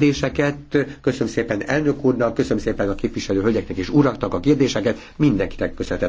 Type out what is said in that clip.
kérdéseket. Köszönöm szépen elnök úrnak, köszönöm szépen a képviselő hölgyeknek és uraknak a kérdéseket. Mindenkinek köszönhetet